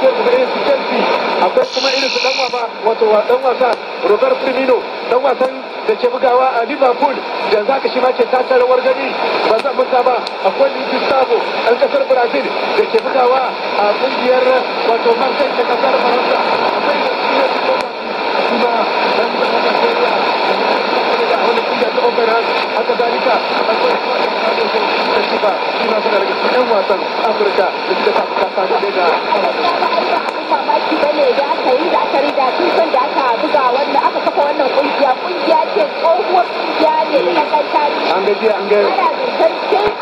sai irin su akwai kuma irin su dan wasa wato dan wasa rogar firmino dan wasan da ke bugawa a liverpool da zaka shi ma ke taka rawar gani ba zan manta ba akwai luis gustavo dan kasar brazil da ke bugawa a kungiyar wato marseille ta kasar faransa suna suna daga 'yan wasan Afirka da suka da daga ba ne yi da aka rida tun da aka buga wannan aka kafa wannan kungiya kungiya ce tsohuwar kungiya ne da ta kai tari an gaji an gaji ana takwas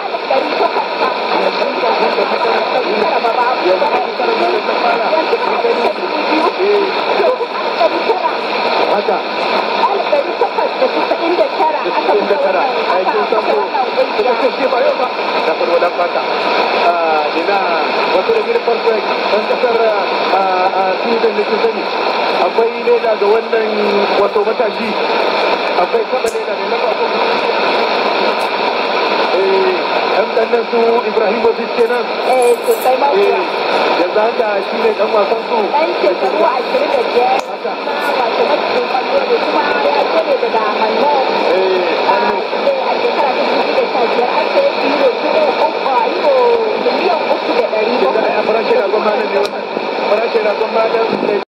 da da tara wanda da gini farko kasar a tunisar da sani akwai leda ga wannan wato matashi akwai kaba leda ne na farko ɗan ɗannan su ibrahim aziz kenan eh sosai yanzu haka shi ne ɗan wasan su ɗan shekaru ashirin da biyar farashi ragon malam ne wannan farashi ragon malam